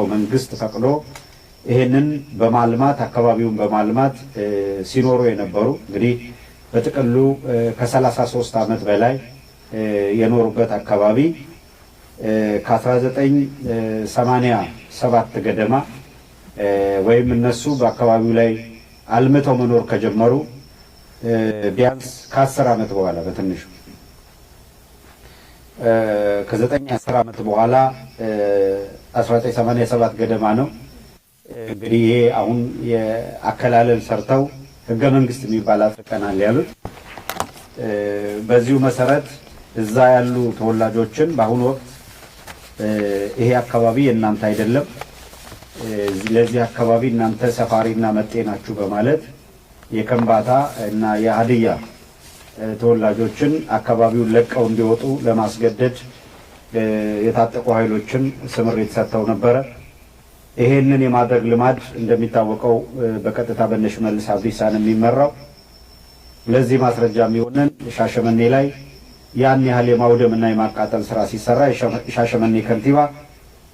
የሚፈቅደው መንግስት ፈቅዶ ይህንን በማልማት አካባቢውን በማልማት ሲኖሩ የነበሩ እንግዲህ በጥቅሉ ከ33 ዓመት በላይ የኖሩበት አካባቢ ከ1987 ገደማ ወይም እነሱ በአካባቢው ላይ አልምተው መኖር ከጀመሩ ቢያንስ ከአስር ዓመት በኋላ በትንሹ ከዘጠኝ አስር ዓመት በኋላ 1987 ገደማ ነው። እንግዲህ ይሄ አሁን የአከላለል ሰርተው ህገ መንግስት የሚባል አጥርቀናል ያሉት። በዚሁ መሰረት እዛ ያሉ ተወላጆችን በአሁኑ ወቅት ይሄ አካባቢ የእናንተ አይደለም፣ ለዚህ አካባቢ እናንተ ሰፋሪና መጤ ናችሁ በማለት የከንባታ እና የሀድያ ተወላጆችን አካባቢውን ለቀው እንዲወጡ ለማስገደድ የታጠቁ ኃይሎችን ስምሪት ሰጥተው ነበረ። ይሄንን የማድረግ ልማድ እንደሚታወቀው በቀጥታ በነሽ መልስ አብዲሳን የሚመራው ለዚህ ማስረጃ የሚሆንን ሻሸመኔ ላይ ያን ያህል የማውደም እና የማቃጠል ስራ ሲሰራ የሻሸመኔ ከንቲባ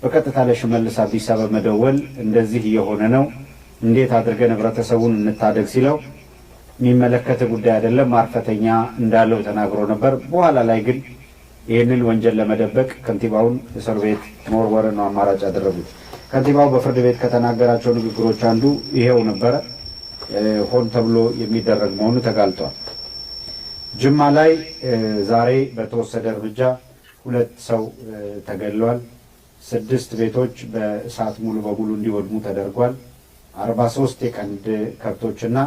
በቀጥታ ለሽመልስ አብዲሳ በመደወል እንደዚህ እየሆነ ነው፣ እንዴት አድርገን ህብረተሰቡን እንታደግ ሲለው የሚመለከት ጉዳይ አይደለም ማርፈተኛ እንዳለው ተናግሮ ነበር። በኋላ ላይ ግን ይህንን ወንጀል ለመደበቅ ከንቲባውን እስር ቤት መወርወር ነው አማራጭ ያደረጉት። ከንቲባው በፍርድ ቤት ከተናገራቸው ንግግሮች አንዱ ይሄው ነበረ። ሆን ተብሎ የሚደረግ መሆኑ ተጋልጧል። ጅማ ላይ ዛሬ በተወሰደ እርምጃ ሁለት ሰው ተገድሏል። ስድስት ቤቶች በእሳት ሙሉ በሙሉ እንዲወድሙ ተደርጓል። አርባ ሶስት የቀንድ ከብቶችና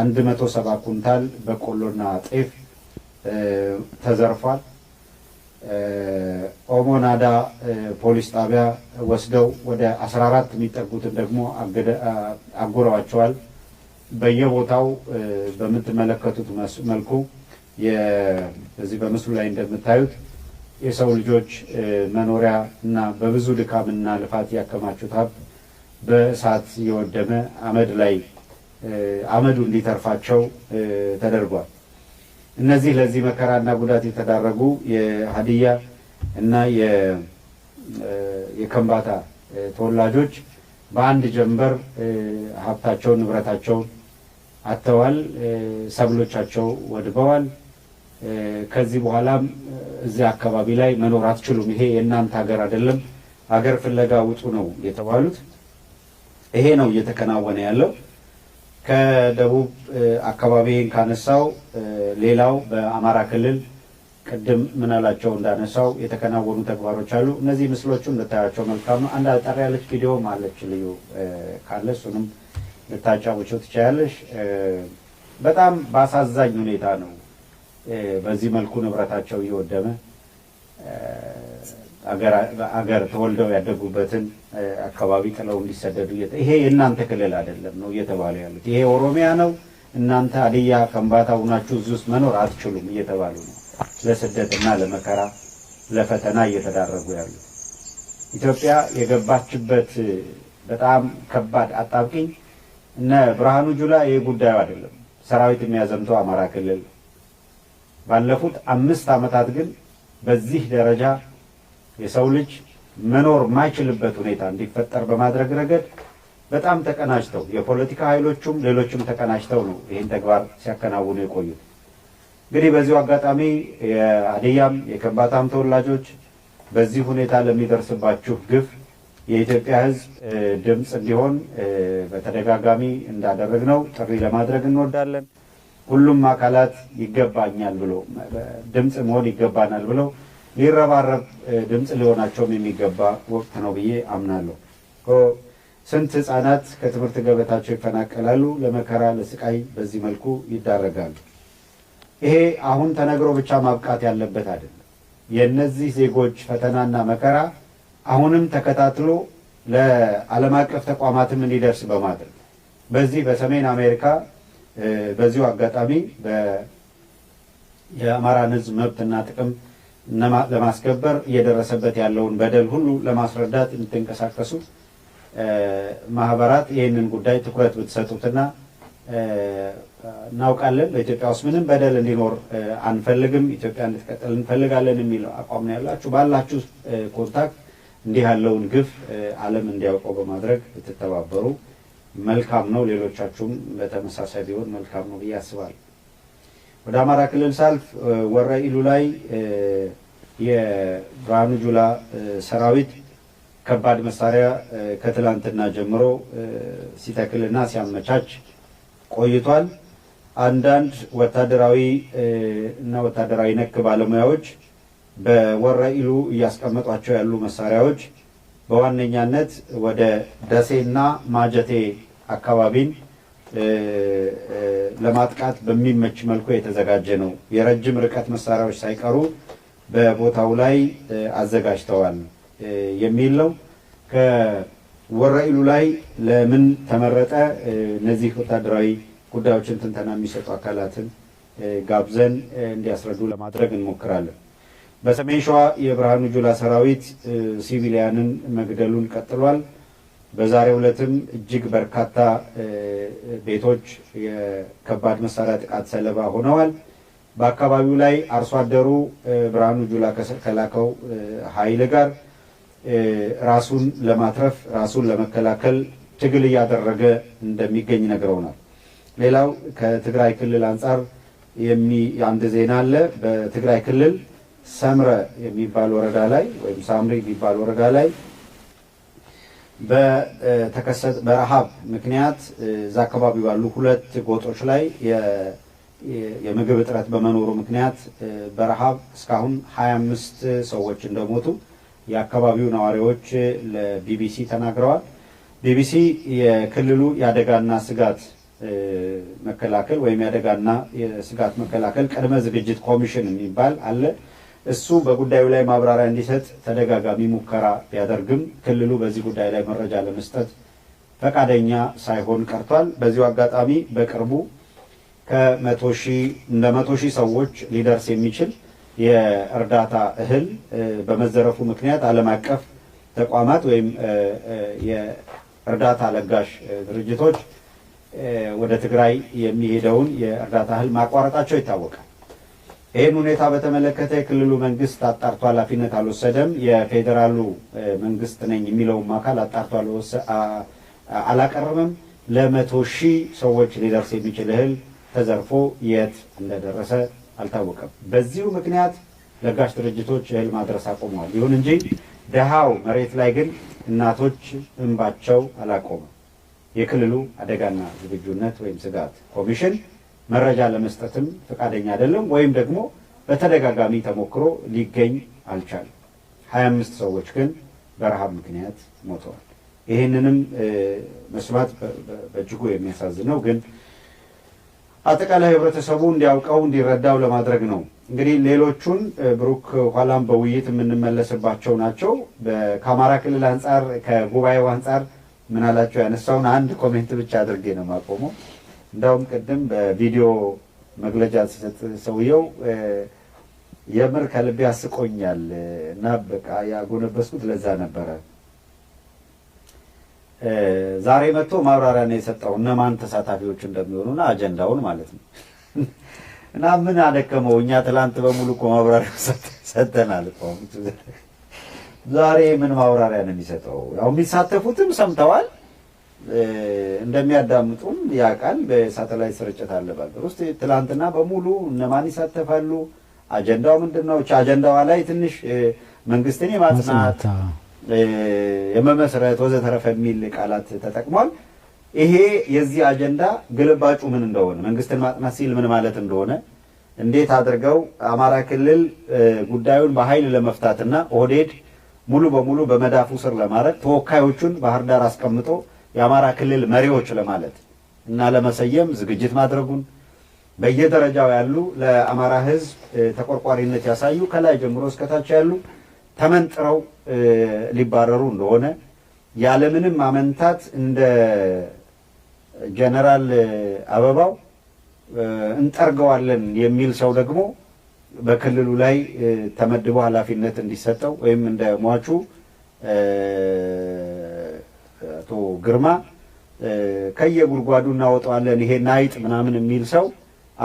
አንድ መቶ ሰባ ኩንታል በቆሎና ጤፍ ተዘርፏል። ኦሞናዳ ፖሊስ ጣቢያ ወስደው ወደ 14 የሚጠጉትን ደግሞ አጉረዋቸዋል። በየቦታው በምትመለከቱት መልኩ በዚህ በምስሉ ላይ እንደምታዩት የሰው ልጆች መኖሪያ እና በብዙ ድካምና ልፋት ያከማቹት ሀብት በእሳት የወደመ አመድ ላይ አመዱ እንዲተርፋቸው ተደርጓል። እነዚህ ለዚህ መከራና ጉዳት የተዳረጉ የሀዲያ እና የከንባታ ተወላጆች በአንድ ጀንበር ሀብታቸውን ንብረታቸውን አጥተዋል። ሰብሎቻቸው ወድበዋል። ከዚህ በኋላም እዚህ አካባቢ ላይ መኖር አትችሉም፣ ይሄ የእናንተ ሀገር አይደለም፣ ሀገር ፍለጋ ውጡ ነው የተባሉት። ይሄ ነው እየተከናወነ ያለው። ከደቡብ አካባቢን ካነሳው ሌላው በአማራ ክልል ቅድም ምናላቸው እንዳነሳው የተከናወኑ ተግባሮች አሉ። እነዚህ ምስሎቹ እንድታያቸው መልካም ነው። አንድ አጠር ያለች ቪዲዮ አለች ልዩ ካለ እሱንም ልታጫውቸው ትችያለሽ። በጣም በአሳዛኝ ሁኔታ ነው በዚህ መልኩ ንብረታቸው እየወደመ አገር ተወልደው ያደጉበትን አካባቢ ጥለው እንዲሰደዱ ይሄ የእናንተ ክልል አይደለም ነው እየተባሉ ያሉት። ይሄ ኦሮሚያ ነው፣ እናንተ አድያ ከምባታ ሁናችሁ እዚህ ውስጥ መኖር አትችሉም እየተባሉ ነው ለስደትና ለመከራ ለፈተና እየተዳረጉ ያሉት። ኢትዮጵያ የገባችበት በጣም ከባድ አጣብቂኝ እነ ብርሃኑ ጁላ ይህ ጉዳዩ አይደለም። ሰራዊት የሚያዘምተው አማራ ክልል ባለፉት አምስት ዓመታት ግን በዚህ ደረጃ የሰው ልጅ መኖር ማይችልበት ሁኔታ እንዲፈጠር በማድረግ ረገድ በጣም ተቀናጅተው የፖለቲካ ኃይሎቹም ሌሎችም ተቀናጅተው ነው ይህን ተግባር ሲያከናውኑ የቆዩት። እንግዲህ በዚሁ አጋጣሚ የሀዲያም የከምባታም ተወላጆች በዚህ ሁኔታ ለሚደርስባችሁ ግፍ የኢትዮጵያ ሕዝብ ድምፅ እንዲሆን በተደጋጋሚ እንዳደረግነው ጥሪ ለማድረግ እንወዳለን። ሁሉም አካላት ይገባኛል ብሎ ድምፅ መሆን ይገባናል ብለው ሊረባረብ ድምፅ ሊሆናቸውም የሚገባ ወቅት ነው ብዬ አምናለሁ። ስንት ህፃናት ከትምህርት ገበታቸው ይፈናቀላሉ፣ ለመከራ ለስቃይ በዚህ መልኩ ይዳረጋሉ። ይሄ አሁን ተነግሮ ብቻ ማብቃት ያለበት አይደለም። የእነዚህ ዜጎች ፈተናና መከራ አሁንም ተከታትሎ ለዓለም አቀፍ ተቋማትም እንዲደርስ በማድረግ በዚህ በሰሜን አሜሪካ በዚሁ አጋጣሚ የአማራን ህዝብ መብትና ጥቅም ለማስከበር እየደረሰበት ያለውን በደል ሁሉ ለማስረዳት የምትንቀሳቀሱ ማህበራት ይህንን ጉዳይ ትኩረት ብትሰጡትና እናውቃለን በኢትዮጵያ ውስጥ ምንም በደል እንዲኖር አንፈልግም፣ ኢትዮጵያ እንድትቀጥል እንፈልጋለን የሚል አቋም ነው ያላችሁ። ባላችሁ ኮንታክት እንዲህ ያለውን ግፍ ዓለም እንዲያውቀው በማድረግ ብትተባበሩ መልካም ነው። ሌሎቻችሁም በተመሳሳይ ቢሆን መልካም ነው ብዬ አስባለሁ። ወደ አማራ ክልል ሳልፍ ወረ ኢሉ ላይ የብርሃኑ ጁላ ሰራዊት ከባድ መሳሪያ ከትላንትና ጀምሮ ሲተክልና ሲያመቻች ቆይቷል። አንዳንድ ወታደራዊ እና ወታደራዊ ነክ ባለሙያዎች በወረ ኢሉ እያስቀመጧቸው ያሉ መሳሪያዎች በዋነኛነት ወደ ደሴና ማጀቴ አካባቢን ለማጥቃት በሚመች መልኩ የተዘጋጀ ነው። የረጅም ርቀት መሳሪያዎች ሳይቀሩ በቦታው ላይ አዘጋጅተዋል የሚል ነው። ከወረኢሉ ላይ ለምን ተመረጠ? እነዚህ ወታደራዊ ጉዳዮችን ትንተና የሚሰጡ አካላትን ጋብዘን እንዲያስረዱ ለማድረግ እንሞክራለን። በሰሜን ሸዋ የብርሃኑ ጁላ ሰራዊት ሲቪሊያንን መግደሉን ቀጥሏል። በዛሬው ዕለትም እጅግ በርካታ ቤቶች የከባድ መሳሪያ ጥቃት ሰለባ ሆነዋል። በአካባቢው ላይ አርሶ አደሩ ብርሃኑ ጁላ ከላከው ኃይል ጋር ራሱን ለማትረፍ ራሱን ለመከላከል ትግል እያደረገ እንደሚገኝ ነግረውናል። ሌላው ከትግራይ ክልል አንጻር አንድ ዜና አለ። በትግራይ ክልል ሰምረ የሚባል ወረዳ ላይ ወይም ሳምሪ የሚባል ወረዳ ላይ በረሃብ ምክንያት እዛ አካባቢ ባሉ ሁለት ጎጦች ላይ የምግብ እጥረት በመኖሩ ምክንያት በረሃብ እስካሁን 25 ሰዎች እንደሞቱ የአካባቢው ነዋሪዎች ለቢቢሲ ተናግረዋል። ቢቢሲ የክልሉ የአደጋና ስጋት መከላከል ወይም የአደጋና ስጋት መከላከል ቅድመ ዝግጅት ኮሚሽን የሚባል አለ። እሱ በጉዳዩ ላይ ማብራሪያ እንዲሰጥ ተደጋጋሚ ሙከራ ቢያደርግም ክልሉ በዚህ ጉዳይ ላይ መረጃ ለመስጠት ፈቃደኛ ሳይሆን ቀርቷል። በዚሁ አጋጣሚ በቅርቡ ከመቶ ሺህ ሰዎች ሊደርስ የሚችል የእርዳታ እህል በመዘረፉ ምክንያት ዓለም አቀፍ ተቋማት ወይም የእርዳታ ለጋሽ ድርጅቶች ወደ ትግራይ የሚሄደውን የእርዳታ እህል ማቋረጣቸው ይታወቃል። ይህን ሁኔታ በተመለከተ የክልሉ መንግስት አጣርቶ ኃላፊነት አልወሰደም፣ የፌዴራሉ መንግስት ነኝ የሚለውም አካል አጣርቶ አላቀረበም። ለመቶ ሺህ ሰዎች ሊደርስ የሚችል እህል ተዘርፎ የት እንደደረሰ አልታወቀም። በዚሁ ምክንያት ለጋሽ ድርጅቶች እህል ማድረስ አቆመዋል። ይሁን እንጂ ድሃው መሬት ላይ ግን እናቶች እንባቸው አላቆመም። የክልሉ አደጋና ዝግጁነት ወይም ስጋት ኮሚሽን መረጃ ለመስጠትም ፈቃደኛ አይደለም፣ ወይም ደግሞ በተደጋጋሚ ተሞክሮ ሊገኝ አልቻለም። ሀያ አምስት ሰዎች ግን በረሃብ ምክንያት ሞተዋል። ይህንንም መስማት በእጅጉ የሚያሳዝን ነው። ግን አጠቃላይ ህብረተሰቡ እንዲያውቀው እንዲረዳው ለማድረግ ነው። እንግዲህ ሌሎቹን ብሩክ ኋላም በውይይት የምንመለስባቸው ናቸው። ከአማራ ክልል አንጻር ከጉባኤው አንጻር ምናላቸው ያነሳውን አንድ ኮሜንት ብቻ አድርጌ ነው የማቆመው። እንዳውም ቅድም በቪዲዮ መግለጫ ሲሰጥ ሰውየው የምር ከልቤ አስቆኛል እና በቃ ያጎነበስኩት ለዛ ነበረ። ዛሬ መጥቶ ማብራሪያ ነው የሰጠው እነማን ተሳታፊዎች እንደሚሆኑና አጀንዳውን ማለት ነው። እና ምን አደከመው? እኛ ትላንት በሙሉ እኮ ማብራሪያ ሰጠናል ዛሬ ምን ማብራሪያ ነው የሚሰጠው? ያው የሚሳተፉትም ሰምተዋል እንደሚያዳምጡም ያ ቃል በሳተላይት ስርጭት አለ በአገር ውስጥ። ትላንትና በሙሉ እነማን ይሳተፋሉ፣ አጀንዳው ምንድን ነው፣ አጀንዳዋ ላይ ትንሽ መንግስትን የማጽናት የመመስረት ወዘተረፈ የሚል ቃላት ተጠቅሟል። ይሄ የዚህ አጀንዳ ግልባጩ ምን እንደሆነ መንግስትን ማጥናት ሲል ምን ማለት እንደሆነ እንዴት አድርገው አማራ ክልል ጉዳዩን በኃይል ለመፍታትና ኦህዴድ ሙሉ በሙሉ በመዳፉ ስር ለማድረግ ተወካዮቹን ባህር ዳር አስቀምጦ የአማራ ክልል መሪዎች ለማለት እና ለመሰየም ዝግጅት ማድረጉን በየደረጃው ያሉ ለአማራ ሕዝብ ተቆርቋሪነት ያሳዩ ከላይ ጀምሮ እስከታች ያሉ ተመንጥረው ሊባረሩ እንደሆነ ያለምንም አመንታት እንደ ጀነራል አበባው እንጠርገዋለን የሚል ሰው ደግሞ በክልሉ ላይ ተመድቦ ኃላፊነት እንዲሰጠው ወይም እንደ ሟቹ አቶ ግርማ ከየጉድጓዱ እናወጣዋለን ይሄ አይጥ ምናምን የሚል ሰው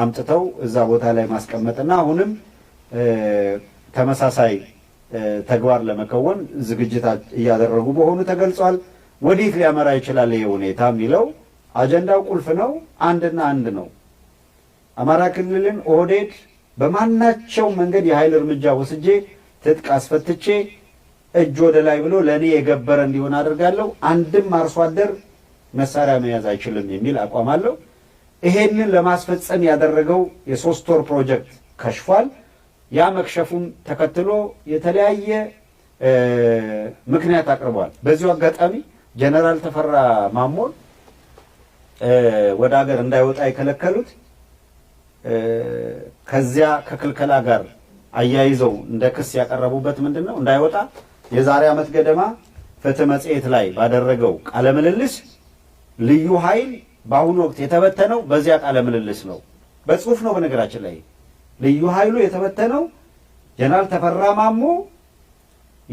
አምጥተው እዛ ቦታ ላይ ማስቀመጥና አሁንም ተመሳሳይ ተግባር ለመከወን ዝግጅት እያደረጉ መሆኑ ተገልጿል። ወዴት ሊያመራ ይችላል ይሄ ሁኔታ የሚለው አጀንዳው ቁልፍ ነው። አንድና አንድ ነው። አማራ ክልልን ኦህዴድ በማናቸው መንገድ የኃይል እርምጃ ወስጄ ትጥቅ አስፈትቼ እጅ ወደ ላይ ብሎ ለእኔ የገበረ እንዲሆን አድርጋለሁ። አንድም አርሶ አደር መሳሪያ መያዝ አይችልም የሚል አቋም አለው። ይሄንን ለማስፈጸም ያደረገው የሶስት ወር ፕሮጀክት ከሽፏል። ያ መክሸፉም ተከትሎ የተለያየ ምክንያት አቅርቧል። በዚሁ አጋጣሚ ጀነራል ተፈራ ማሞን ወደ ሀገር እንዳይወጣ የከለከሉት ከዚያ ከክልከላ ጋር አያይዘው እንደ ክስ ያቀረቡበት ምንድን ነው እንዳይወጣ የዛሬ ዓመት ገደማ ፍትህ መጽሔት ላይ ባደረገው ቃለ ምልልስ ልዩ ኃይል በአሁኑ ወቅት የተበተነው በዚያ ቃለ ምልልስ ነው። በጽሁፍ ነው። በነገራችን ላይ ልዩ ኃይሉ የተበተነው ጀነራል ተፈራ ማሞ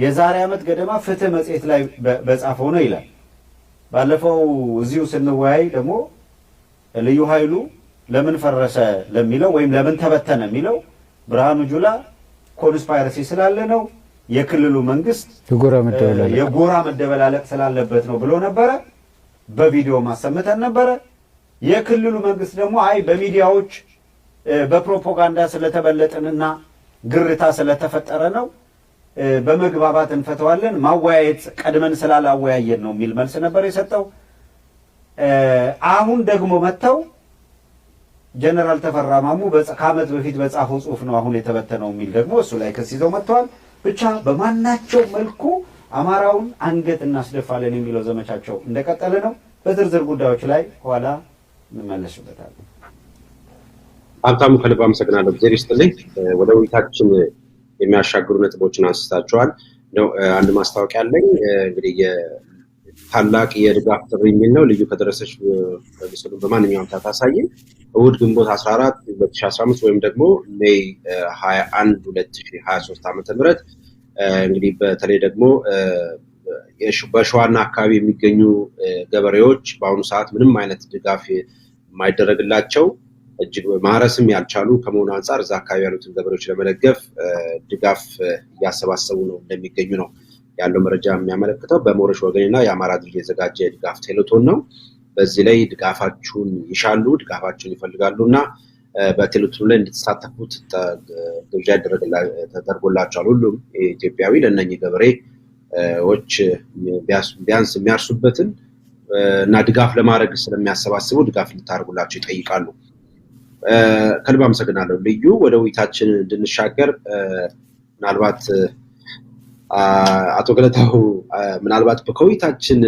የዛሬ ዓመት ገደማ ፍትህ መጽሔት ላይ በጻፈው ነው ይላል። ባለፈው እዚሁ ስንወያይ ደግሞ ልዩ ኃይሉ ለምን ፈረሰ ለሚለው ወይም ለምን ተበተነ የሚለው ብርሃኑ ጁላ ኮንስፓይረሲ ስላለ ነው የክልሉ መንግስት የጎራ መደበላለቅ ስላለበት ነው ብሎ ነበረ። በቪዲዮ ማሰምተን ነበረ። የክልሉ መንግስት ደግሞ አይ በሚዲያዎች በፕሮፓጋንዳ ስለተበለጥንና ግርታ ስለተፈጠረ ነው በመግባባት እንፈተዋለን፣ ማወያየት ቀድመን ስላላወያየን ነው የሚል መልስ ነበር የሰጠው። አሁን ደግሞ መጥተው ጀነራል ተፈራ ማሙ በፊት በጻፈው ጽሁፍ ነው አሁን የተበተነው የሚል ደግሞ እሱ ላይ ክስ ይዘው መጥተዋል። ብቻ በማናቸው መልኩ አማራውን አንገት እናስደፋለን የሚለው ዘመቻቸው እንደቀጠለ ነው። በዝርዝር ጉዳዮች ላይ ኋላ እንመለስበታለን። ሀብታሙ ከልብ አመሰግናለሁ። ጊዜ ይስጥልኝ። ወደ ውይይታችን የሚያሻግሩ ነጥቦችን አንስታቸዋል። አንድ ማስታወቂያ አለኝ እንግዲህ ታላቅ የድጋፍ ጥሪ የሚል ነው። ልዩ ከደረሰች በማንኛውም ታታሳይም እሁድ ግንቦት 14 2015 ወይም ደግሞ ሜይ 21 2023 ዓ ም እንግዲህ በተለይ ደግሞ በሸዋና አካባቢ የሚገኙ ገበሬዎች በአሁኑ ሰዓት ምንም አይነት ድጋፍ የማይደረግላቸው እጅግ ማረስም ያልቻሉ ከመሆኑ አንጻር እዛ አካባቢ ያሉትን ገበሬዎች ለመደገፍ ድጋፍ እያሰባሰቡ ነው እንደሚገኙ ነው ያለው መረጃ የሚያመለክተው። በሞረሽ ወገንና የአማራ ድርጅት የዘጋጀ ድጋፍ ቴሌቶን ነው። በዚህ ላይ ድጋፋችሁን ይሻሉ፣ ድጋፋችሁን ይፈልጋሉ እና ላይ እንድትሳተፉት ግብዣ ተደርጎላቸዋል። ሁሉም ኢትዮጵያዊ ለእነኚህ ገበሬዎች ቢያንስ የሚያርሱበትን እና ድጋፍ ለማድረግ ስለሚያሰባስቡ ድጋፍ እንድታደርጉላቸው ይጠይቃሉ። ከልብ አመሰግናለሁ ልዩ። ወደ ውይይታችን እንድንሻገር ምናልባት አቶ ገለታው ምናልባት ከውይይታችን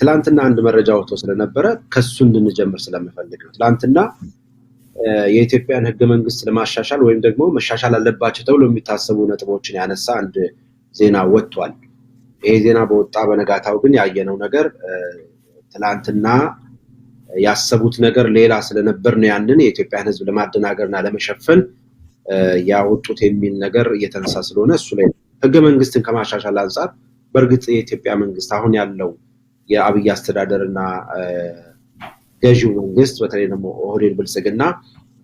ትላንትና አንድ መረጃ ወጥቶ ስለነበረ ከሱ እንድንጀምር ስለምፈልግ ነው። ትላንትና የኢትዮጵያን ህገ መንግስት ለማሻሻል ወይም ደግሞ መሻሻል አለባቸው ተብሎ የሚታሰቡ ነጥቦችን ያነሳ አንድ ዜና ወጥቷል። ይሄ ዜና በወጣ በነጋታው ግን ያየነው ነገር ትላንትና ያሰቡት ነገር ሌላ ስለነበር ነው ያንን የኢትዮጵያን ህዝብ ለማደናገርና ለመሸፈን ያወጡት የሚል ነገር እየተነሳ ስለሆነ እሱ ላይ ህገ መንግስትን ከማሻሻል አንጻር በእርግጥ የኢትዮጵያ መንግስት አሁን ያለው የአብይ አስተዳደርና ገዢው መንግስት በተለይ ደግሞ ኦህዴድ ብልጽግና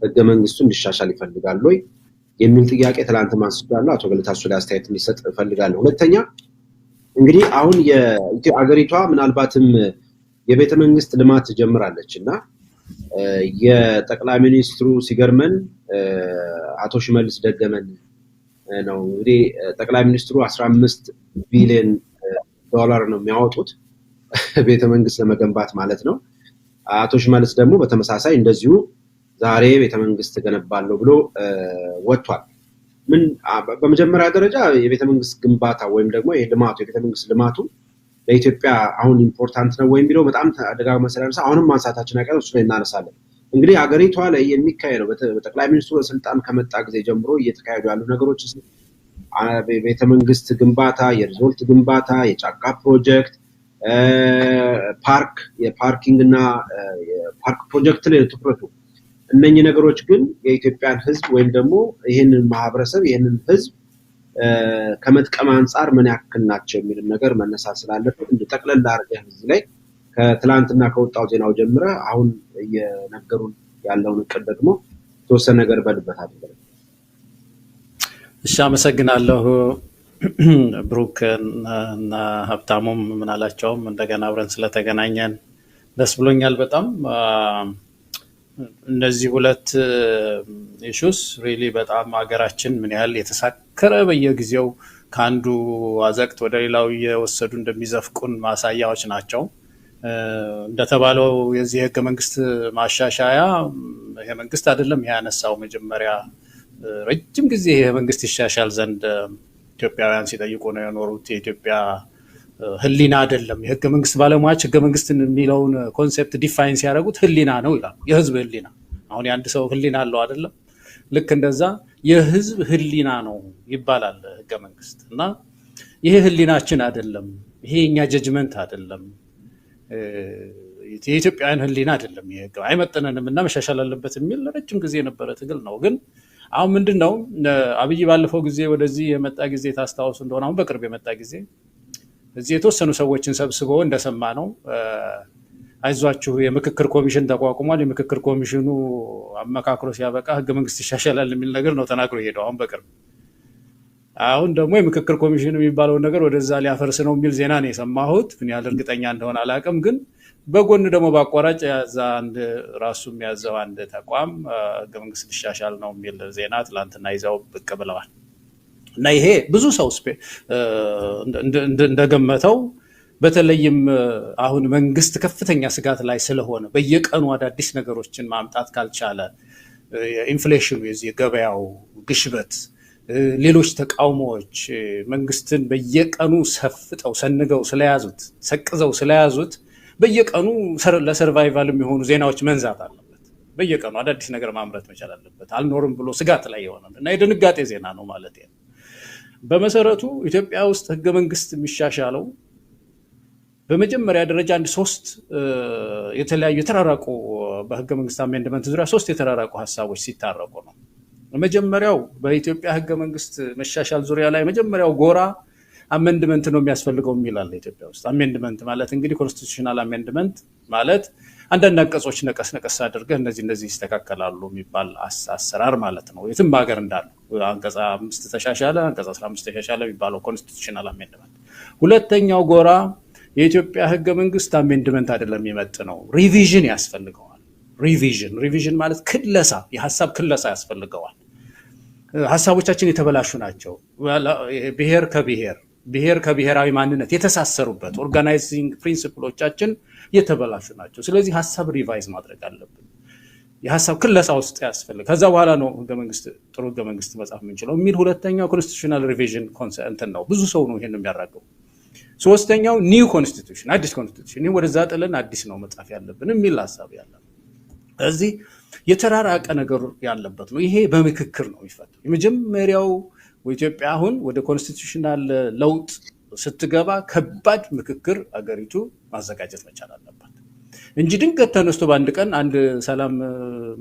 ህገ መንግስቱ እንዲሻሻል ይፈልጋሉ ወይ የሚል ጥያቄ ትላንት አንስቻለሁ። አቶ ገለታ እሱ ላይ አስተያየት እንዲሰጥ እፈልጋለሁ። ሁለተኛ እንግዲህ አሁን አገሪቷ ምናልባትም የቤተ መንግስት ልማት ትጀምራለች እና የጠቅላይ ሚኒስትሩ ሲገርመን አቶ ሽመልስ ደገመን ነው እንግዲህ ጠቅላይ ሚኒስትሩ አስራ አምስት ቢሊዮን ዶላር ነው የሚያወጡት ቤተ መንግስት ለመገንባት ማለት ነው። አቶ ሽመልስ ደግሞ በተመሳሳይ እንደዚሁ ዛሬ ቤተ መንግስት ገነባለሁ ብሎ ወጥቷል። ምን በመጀመሪያ ደረጃ የቤተ መንግስት ግንባታ ወይም ደግሞ ልማቱ የቤተ መንግስት ልማቱ ለኢትዮጵያ አሁን ኢምፖርታንት ነው ወይም ቢለው በጣም ደጋግመን ስለነሳ አሁንም ማንሳታችን አይቀርም። እሱ ላይ እናነሳለን። እንግዲህ ሀገሪቷ ላይ የሚካሄደው በጠቅላይ ሚኒስትሩ ስልጣን ከመጣ ጊዜ ጀምሮ እየተካሄዱ ያሉ ነገሮች መንግስት ግንባታ፣ የሪዞልት ግንባታ፣ የጫካ ፕሮጀክት ፓርክ፣ የፓርኪንግ እና የፓርክ ፕሮጀክት ላይ ትኩረቱ። እነኚህ ነገሮች ግን የኢትዮጵያን ሕዝብ ወይም ደግሞ ይህንን ማህበረሰብ ይህንን ሕዝብ ከመጥቀም አንጻር ምን ያክል ናቸው የሚልም ነገር መነሳት ስላለበት እንደ ጠቅለል አድርገህ እዚህ ላይ ከትላንትና ከወጣው ዜናው ጀምረ አሁን እየነገሩን ያለውን እቅድ ደግሞ የተወሰነ ነገር በልበት አድርገን እሺ፣ አመሰግናለሁ። ብሩክ እና ሀብታሙም ምናላቸውም እንደገና አብረን ስለተገናኘን ደስ ብሎኛል በጣም። እነዚህ ሁለት ኢሹስ ሪሊ በጣም ሀገራችን ምን ያህል የተሳከረ በየጊዜው ከአንዱ አዘቅት ወደ ሌላው እየወሰዱ እንደሚዘፍቁን ማሳያዎች ናቸው። እንደተባለው የዚህ ህገ መንግስት ማሻሻያ ይሄ መንግስት አይደለም ያነሳው መጀመሪያ ረጅም ጊዜ ይሄ መንግስት ይሻሻል ዘንድ ኢትዮጵያውያን ሲጠይቁ ነው የኖሩት። የኢትዮጵያ ህሊና አይደለም። የህገ መንግስት ባለሙያዎች ህገ መንግስትን የሚለውን ኮንሴፕት ዲፋይን ሲያደርጉት ህሊና ነው ይላሉ። የህዝብ ህሊና አሁን የአንድ ሰው ህሊና አለው አይደለም። ልክ እንደዛ የህዝብ ህሊና ነው ይባላል ህገ መንግስት እና ይሄ ህሊናችን አይደለም። ይሄ የኛ ጀጅመንት አይደለም። የኢትዮጵያውያን ህሊና አይደለም። ይሄ አይመጥነንም እና መሻሻል አለበት የሚል ለረጅም ጊዜ የነበረ ትግል ነው ግን አሁን ምንድን ነው አብይ ባለፈው ጊዜ ወደዚህ የመጣ ጊዜ ታስታውሱ እንደሆነ አሁን በቅርብ የመጣ ጊዜ እዚህ የተወሰኑ ሰዎችን ሰብስቦ እንደሰማ ነው አይዟችሁ የምክክር ኮሚሽን ተቋቁሟል፣ የምክክር ኮሚሽኑ አመካክሮ ሲያበቃ ህገ መንግስት ይሻሻላል የሚል ነገር ነው ተናግሮ ይሄደው አሁን በቅርብ አሁን ደግሞ የምክክር ኮሚሽን የሚባለውን ነገር ወደዛ ሊያፈርስ ነው የሚል ዜና ነው የሰማሁት። ምን ያህል እርግጠኛ እንደሆነ አላውቅም። ግን በጎን ደግሞ በአቋራጭ ያዛ አንድ ራሱ የሚያዘው አንድ ተቋም ህገ መንግስት ሊሻሻል ነው የሚል ዜና ትላንትና ይዘው ብቅ ብለዋል። እና ይሄ ብዙ ሰው እንደገመተው በተለይም አሁን መንግስት ከፍተኛ ስጋት ላይ ስለሆነ በየቀኑ አዳዲስ ነገሮችን ማምጣት ካልቻለ ኢንፍሌሽኑ የዚህ የገበያው ግሽበት ሌሎች ተቃውሞዎች መንግስትን በየቀኑ ሰፍጠው ሰንገው ስለያዙት ሰቅዘው ስለያዙት በየቀኑ ለሰርቫይቫል የሚሆኑ ዜናዎች መንዛት አለበት። በየቀኑ አዳዲስ ነገር ማምረት መቻል አለበት። አልኖርም ብሎ ስጋት ላይ የሆነ እና የድንጋጤ ዜና ነው ማለት ነው። በመሰረቱ ኢትዮጵያ ውስጥ ህገ መንግስት የሚሻሻለው በመጀመሪያ ደረጃ አንድ ሶስት የተለያዩ የተራራቁ በህገ መንግስት አሜንድመንት ዙሪያ ሶስት የተራራቁ ሀሳቦች ሲታረቁ ነው። መጀመሪያው በኢትዮጵያ ህገ መንግስት መሻሻል ዙሪያ ላይ መጀመሪያው ጎራ አሜንድመንት ነው የሚያስፈልገው የሚላል ኢትዮጵያ ውስጥ አሜንድመንት ማለት እንግዲህ ኮንስቲቱሽናል አሜንድመንት ማለት አንዳንድ አንቀጾች ነቀስ ነቀስ አድርገህ እነዚህ እነዚህ ይስተካከላሉ የሚባል አሰራር ማለት ነው። የትም ሀገር እንዳሉ አንቀጽ አምስት ተሻሻለ፣ አንቀጽ አስራ አምስት ተሻሻለ የሚባለው ኮንስቲቱሽናል አሜንድመንት። ሁለተኛው ጎራ የኢትዮጵያ ህገ መንግስት አሜንድመንት አይደለም የሚመጥ ነው፣ ሪቪዥን ያስፈልገዋል። ሪቪዥን ሪቪዥን ማለት ክለሳ፣ የሀሳብ ክለሳ ያስፈልገዋል። ሀሳቦቻችን የተበላሹ ናቸው። ብሔር ከብሔር ብሔር ከብሔራዊ ማንነት የተሳሰሩበት ኦርጋናይዚንግ ፕሪንሲፕሎቻችን የተበላሹ ናቸው። ስለዚህ ሀሳብ ሪቫይዝ ማድረግ አለብን። የሀሳብ ክለሳ ውስጥ ያስፈልግ ከዛ በኋላ ነው ህገመንግስት ጥሩ ህገመንግስት መጻፍ የምንችለው የሚል ሁለተኛው ኮንስቲቱሽናል ሪቪዥን እንትን ነው። ብዙ ሰው ነው ይሄን የሚያራገው። ሶስተኛው ኒው ኮንስቲቱሽን አዲስ ኮንስቲቱሽን፣ ወደዛ ጥለን አዲስ ነው መጻፍ ያለብን የሚል ሀሳብ ያለ እዚህ የተራራቀ ነገር ያለበት ነው። ይሄ በምክክር ነው የሚፈታው። የመጀመሪያው ኢትዮጵያ አሁን ወደ ኮንስቲቱሽናል ለውጥ ስትገባ ከባድ ምክክር አገሪቱ ማዘጋጀት መቻል አለባት እንጂ ድንገት ተነስቶ በአንድ ቀን አንድ ሰላም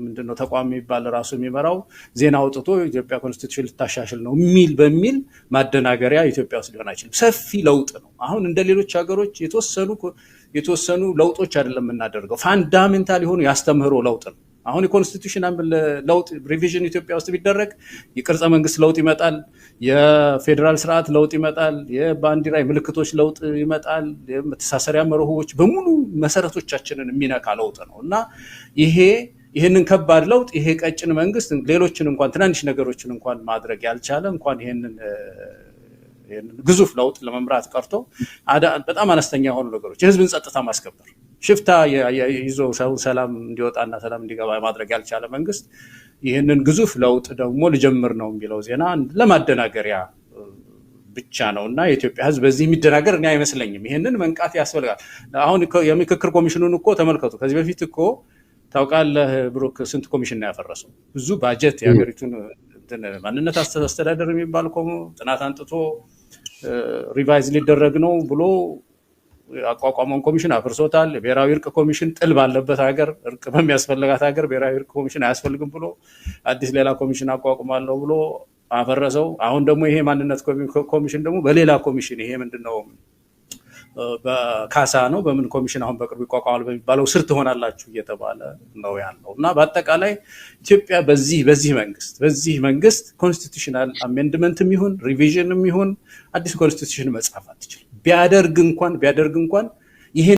ምንድነው ተቋም የሚባል ራሱ የሚመራው ዜና አውጥቶ ኢትዮጵያ ኮንስቲቱሽን ልታሻሽል ነው የሚል በሚል ማደናገሪያ ኢትዮጵያ ውስጥ ሊሆን አይችልም። ሰፊ ለውጥ ነው። አሁን እንደ ሌሎች ሀገሮች የተወሰኑ የተወሰኑ ለውጦች አይደለም የምናደርገው፣ ፋንዳሜንታል የሆኑ ያስተምህሮ ለውጥ ነው። አሁን የኮንስቲቱሽን ለውጥ ሪቪዥን ኢትዮጵያ ውስጥ ቢደረግ የቅርጸ መንግስት ለውጥ ይመጣል፣ የፌዴራል ስርዓት ለውጥ ይመጣል፣ የባንዲራ ምልክቶች ለውጥ ይመጣል፣ የመተሳሰሪያ መርሆዎች በሙሉ መሰረቶቻችንን የሚነካ ለውጥ ነው እና ይሄ ይህንን ከባድ ለውጥ ይሄ ቀጭን መንግስት ሌሎችን እንኳን ትናንሽ ነገሮችን እንኳን ማድረግ ያልቻለ እንኳን ይህንን ግዙፍ ለውጥ ለመምራት ቀርቶ በጣም አነስተኛ የሆኑ ነገሮች የህዝብን ጸጥታ ማስከበር ሽፍታ ይዞ ሰው ሰላም እንዲወጣና ሰላም እንዲገባ ማድረግ ያልቻለ መንግስት ይህንን ግዙፍ ለውጥ ደግሞ ልጀምር ነው የሚለው ዜና ለማደናገሪያ ብቻ ነው እና የኢትዮጵያ ሕዝብ በዚህ የሚደናገር እኔ አይመስለኝም። ይህንን መንቃት ያስፈልጋል። አሁን የምክክር ኮሚሽኑን እኮ ተመልከቱ። ከዚህ በፊት እኮ ታውቃለህ ብሩክ፣ ስንት ኮሚሽን ነው ያፈረሰው? ብዙ ባጀት የሀገሪቱን ማንነት አስተዳደር የሚባል እኮ ጥናት አንጥቶ ሪቫይዝ ሊደረግ ነው ብሎ አቋቋመውን ኮሚሽን አፍርሶታል። ብሔራዊ እርቅ ኮሚሽን ጥል ባለበት ሀገር፣ እርቅ በሚያስፈልጋት ሀገር ብሔራዊ እርቅ ኮሚሽን አያስፈልግም ብሎ አዲስ ሌላ ኮሚሽን አቋቁማለሁ ብሎ አፈረሰው። አሁን ደግሞ ይሄ ማንነት ኮሚሽን ደግሞ በሌላ ኮሚሽን ይሄ ምንድነው በካሳ ነው በምን ኮሚሽን አሁን በቅርቡ ይቋቋማል በሚባለው ስር ትሆናላችሁ እየተባለ ነው ያለው እና በአጠቃላይ ኢትዮጵያ በዚህ በዚህ መንግስት በዚህ መንግስት ኮንስቲቱሽናል አሜንድመንትም ይሁን ሪቪዥንም ይሁን አዲስ ኮንስቲቱሽን መጻፍ አትችልም። ቢያደርግ እንኳን ቢያደርግ እንኳን ይሄ